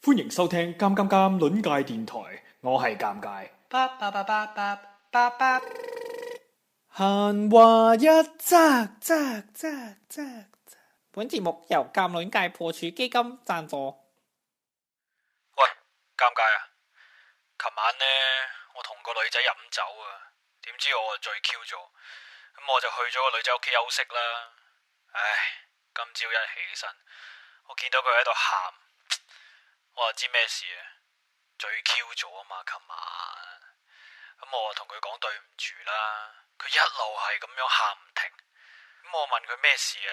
歡迎收聽《尷尷尷》戀界電台，我係尷尬。閒話一則，一則，本節目由《尷戀界破處基金》贊助。喂，尷尬啊！琴晚呢，我同個女仔飲酒啊，點知我醉 Q 咗，咁我就去咗個女仔屋企休息啦。唉，今朝一起身，我見到佢喺度喊。我又知咩事啊、嗯嗯？醉 Q 咗啊嘛，琴晚，咁我同佢講對唔住啦，佢一路係咁樣喊唔停。咁我問佢咩事啊？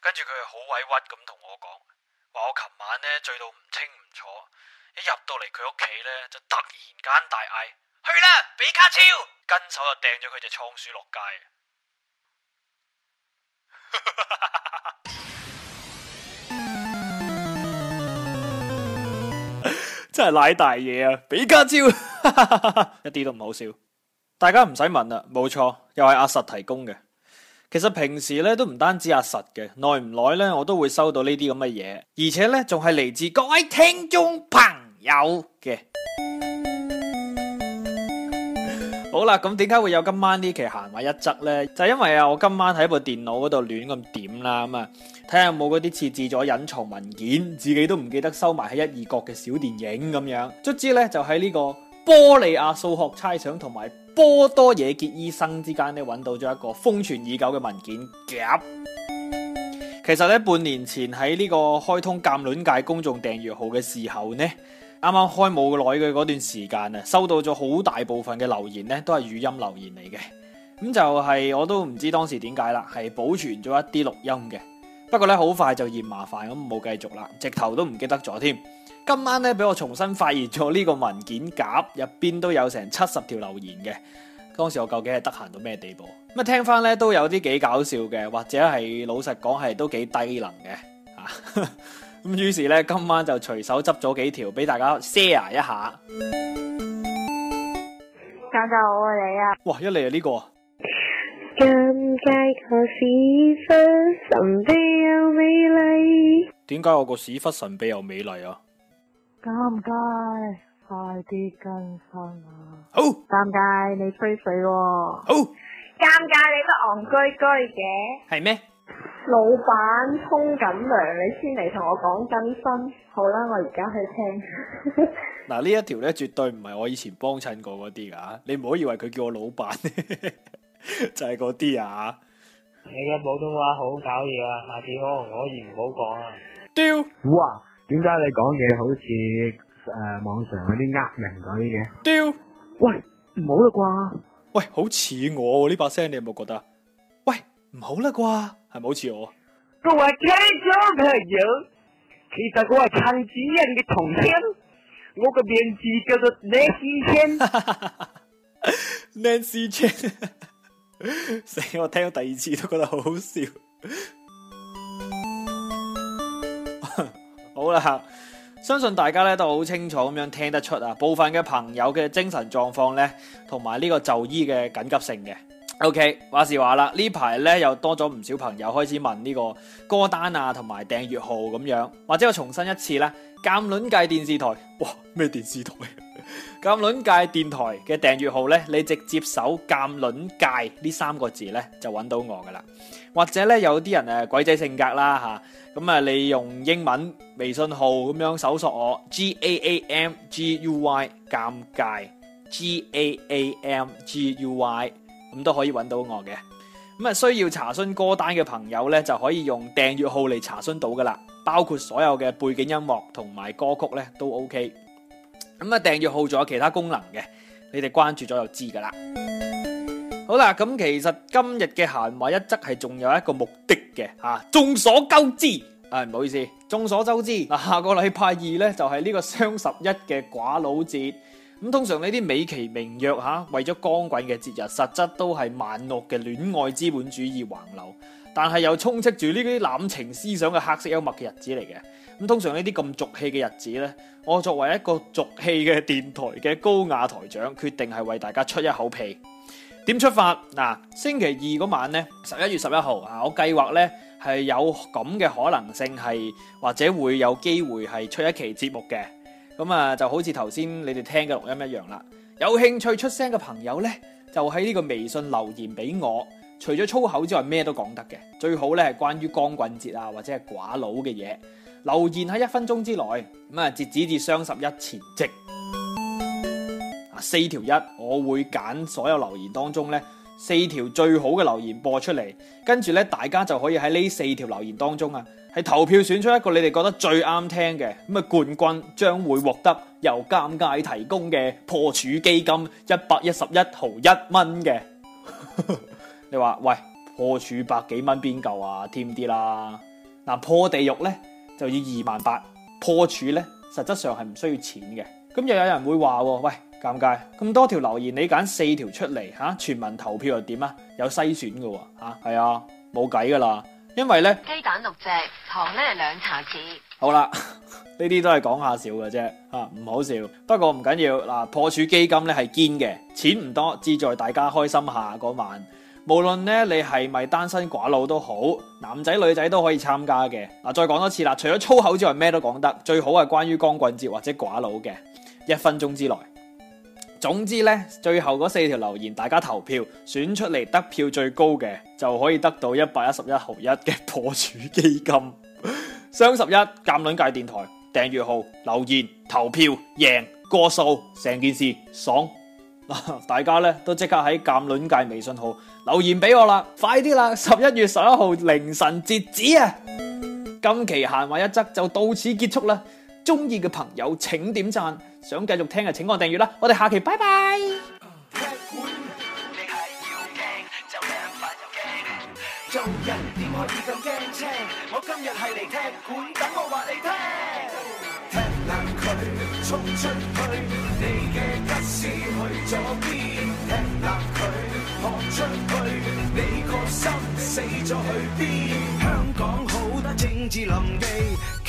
跟住佢好委屈咁同我講，話我琴晚呢醉到唔清唔楚，一入到嚟佢屋企呢，就突然間大嗌：去啦，比卡超！跟手就掟咗佢隻倉鼠落街。真係奶大嘢啊！俾家招，一啲都唔好笑。大家唔使問啦，冇錯，又係阿實提供嘅。其實平時咧都唔單止阿實嘅，耐唔耐咧我都會收到呢啲咁嘅嘢，而且咧仲係嚟自各位聽眾朋友嘅。好啦，咁點解會有今晚呢期閒話一則呢？就係因為啊，我今晚喺部電腦嗰度亂咁點啦，咁啊睇下有冇嗰啲設置咗隱藏文件，自己都唔記得收埋喺一二角嘅小電影咁樣。卒之呢，就喺呢個波利亞數學猜想同埋波多野結醫生之間呢，揾到咗一個封存已久嘅文件夾。其實呢，半年前喺呢個開通監戀界公眾訂閱號嘅時候呢。啱啱開冇耐嘅嗰段時間啊，收到咗好大部分嘅留言咧，都係語音留言嚟嘅。咁就係我都唔知當時點解啦，係保存咗一啲錄音嘅。不過咧，好快就嫌麻煩咁冇繼續啦，直頭都唔記得咗添。今晚咧俾我重新發現咗呢個文件夾，入邊都有成七十條留言嘅。當時我究竟係得閒到咩地步？咁啊，聽翻咧都有啲幾搞笑嘅，或者係老實講係都幾低能嘅嚇。 咁於是咧，今晚就隨手執咗幾條俾大家 share 一下。尷尬好啊你啊，哇一嚟係呢個、啊。尷尬個屎忽神秘又美麗。點解我個屎忽神秘又美麗啊？尷尬，快啲跟翻我！好。尷尬，你吹水喎、啊。好。尷尬，你都戇居居嘅。係咩？老闆沖緊涼，你先嚟同我講更新。好啦，我而家去聽。嗱，呢一條咧絕對唔係我以前幫襯過嗰啲噶，你唔好以為佢叫我老闆， 就係嗰啲啊。你嘅普通話好搞嘢啊，下次可唔可以唔好講啊。屌掉，哇，點解你講嘢好似誒、呃、網上嗰啲呃人嗰啲嘅？屌掉，喂，唔好啦啩？喂，好似我呢把聲，你有冇覺得？喂，唔好啦啩？係唔好似我。我係假裝朋友，其實我係陳子仁嘅同鄉。我個名字叫做 Nancy Chan。Nancy Chan，死 我聽到第二次都覺得好笑 好笑。好啦，相信大家咧都好清楚咁樣聽得出啊，部分嘅朋友嘅精神狀況咧，同埋呢個就醫嘅緊急性嘅。O、okay, K，話時話啦，呢排咧又多咗唔少朋友開始問呢個歌單啊，同埋訂閱號咁樣，或者我重新一次啦：「監卵界電視台哇咩電視台？監卵界電台嘅訂閱號咧，你直接搜監卵界呢三個字咧，就揾到我噶啦。或者咧有啲人誒鬼仔性格啦吓，咁啊你用英文微信號咁樣搜索我 g a a m g u y 監界 g a a m g u y。咁都可以揾到我嘅，咁啊需要查詢歌單嘅朋友咧，就可以用訂閱號嚟查詢到噶啦，包括所有嘅背景音樂同埋歌曲咧都 OK。咁啊訂閱號仲有其他功能嘅，你哋關注咗就知噶啦。好啦，咁其實今日嘅閒話一則係仲有一個目的嘅吓，眾所周知，誒唔好意思，眾所周知，啊下個禮拜二咧就係呢個雙十一嘅寡佬節。咁通常呢啲美其名曰吓，為咗光棍嘅節日，實質都係萬惡嘅戀愛資本主義橫流。但係又充斥住呢啲濫情思想嘅黑色幽默嘅日子嚟嘅。咁通常呢啲咁俗氣嘅日子咧，我作為一個俗氣嘅電台嘅高雅台長，決定係為大家出一口氣。點出發？嗱，星期二嗰晚咧，十一月十一號啊，我計劃咧係有咁嘅可能性係，或者會有機會係出一期節目嘅。咁啊，就好似頭先你哋聽嘅錄音一樣啦。有興趣出聲嘅朋友呢，就喺呢個微信留言俾我。除咗粗口之外，咩都講得嘅。最好呢係關於光棍節啊或者係寡佬嘅嘢，留言喺一分鐘之內。咁啊，截止至雙十一前夕啊，四條一，我會揀所有留言當中呢四條最好嘅留言播出嚟，跟住呢，大家就可以喺呢四條留言當中啊。係投票選出一個你哋覺得最啱聽嘅。咁啊，冠軍將會獲得由尷尬提供嘅破處基金一百一十一毫一蚊嘅。 你話，喂，破處百幾蚊邊夠啊？添啲啦，嗱破地獄咧就要二萬八，破處咧實質上係唔需要錢嘅。咁又有人會話，喂，尷尬咁多條留言，你揀四條出嚟吓，啊，全民投票又點啊？有篩選噶吓，係啊，冇計噶啦。因為咧，雞蛋六隻，糖咧兩茶匙。好啦了，呢 啲都係講下笑嘅啫，吓唔好笑。不過唔緊要，嗱，破處基金咧係堅嘅，錢唔多，志在大家開心下嗰、那個、晚。無論咧你係咪單身寡佬都好，男仔女仔都可以參加嘅。嗱、啊，再講多次啦，除咗粗口之外咩都講得，最好係關於光棍節或者寡佬嘅，一分鐘之內。總之咧，最後嗰四條留言，大家投票選出嚟，得票最高嘅，就可以得到一百一十一毫一嘅破處基金。雙 十一鑒卵界電台訂閱號留言投票贏過數，成件事爽。 大家咧都即刻喺鑒卵界微信號留言俾我啦，快啲啦！十一月十一號凌晨截止啊！ 今期閒話一則就到此結束啦。中意嘅朋友請點讚。想繼續聽嘅，請按訂閱啦，我哋下期拜拜。